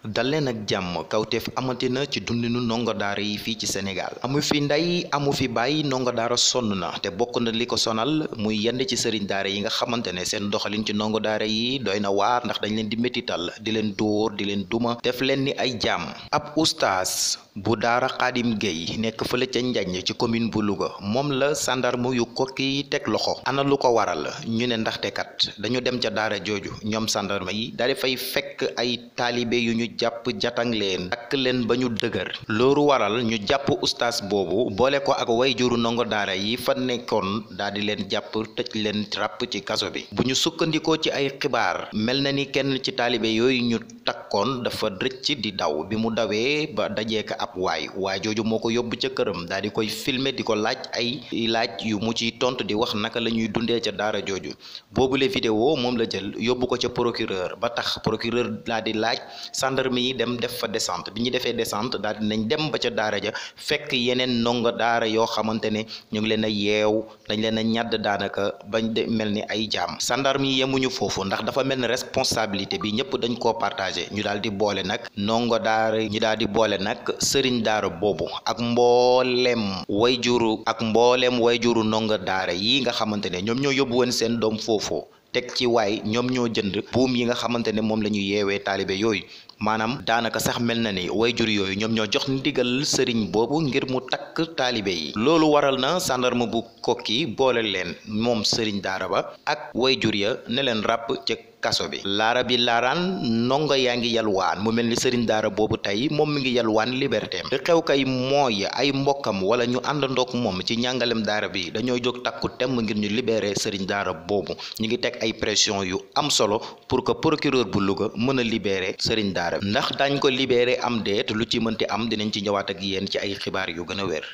dal leen ak jàmm kawteef amati na ci dundinu ndongo daara yi fii ci Sénégal amu fi ndey amu fi bàyyi ndongo daara sonn na te bokk na li ko sonal muy yend ci sëriñ daara yi nga xamante ne seen doxalin ci ndongo daara yi doy na waar ndax dañ leen di métital di leen dóor di leen duma def leen ni ay jàmm ab ustaas bu daara Xaadim Gueye nekk fële ca Njañ ci commune bu Louga moom la sandarme yu kokki teg loxo ana lu ko waral ñu ne ndaxte kat dañu dem ca daara jooju ñoom sandarme yi ñu jàpp jatang leen takk leen ba ñu dëgër loolu waral ñu jàpp ustaas boobu boole ko ak way juru ndongo daara yi fa nekkoon daal di leen jàpp tëj leen ràpp ci kaso bi bu ñu sukkandikoo ci ay xibaar mel na ni kenn ci taalibe yooyu ñu takkoon dafa rëcc di daw bi mu dawee ba dajee ko ab waay waay jooju moo ko yóbbu ca këram daal di koy filmer di ko laaj ay laaj yu mu ciy tontu di wax naka la ñuy dundee ca daara jooju boobule vidéo moom la jël yóbbu ko ca procureur gendarme yi dem def fa descente bi ñu defee descente daal dinañ dem ba ca daara ja fekk yeneen ndongo daara yoo xamante ne ñu ngi leen a yeew dañ leen a ñàdd daanaka bañ mel ni ay jaam gendarme yi yemuñu foofu ndax dafa mel ni responsabilité bi ñëpp dañ koo partagé ñu daal di boole nag ndongo daara ñu daal di boole nag sëriñ daara boobu ak mboolem way juru ak mboolem way juru ndongo daara yi nga xamante ne ñoom ñoo yóbbu woon seen doom foofu teg ci waay ñoom ñoo jënd buum yi nga xamante ne moom la ñuy yeewee taalibe yooyu maanaam daanaka sax mel na ni way jur yooyu ñoom ñoo jox ndigal sëriñ boobu ngir mu takk taalibe yi loolu waral na sàndarma bu kokki boole leen moom sëriñ daara ba ak way wayjur ya ne leen ràpp ca kaso bi laara bi laaraan ndongo yaa ngi yalwaan mu mel ni sëriñ daara boobu tey moom mi ngi yalwaan liberté li xew kay mooy ay mbokkam wala ñu ànd àndandook moom ci njàngalem daara bi dañoo jóg takku tem ngir ñu libéré sëriñ daara boobu ñu ngi teg ay pression yu am solo pour que procureur bu Louga mën a libéré sëriñ daara bi ndax dañ ko libéré am déet lu ci mënti am dinañ ci ñëwaat ak yéen ci ay xibaar yu gën a wér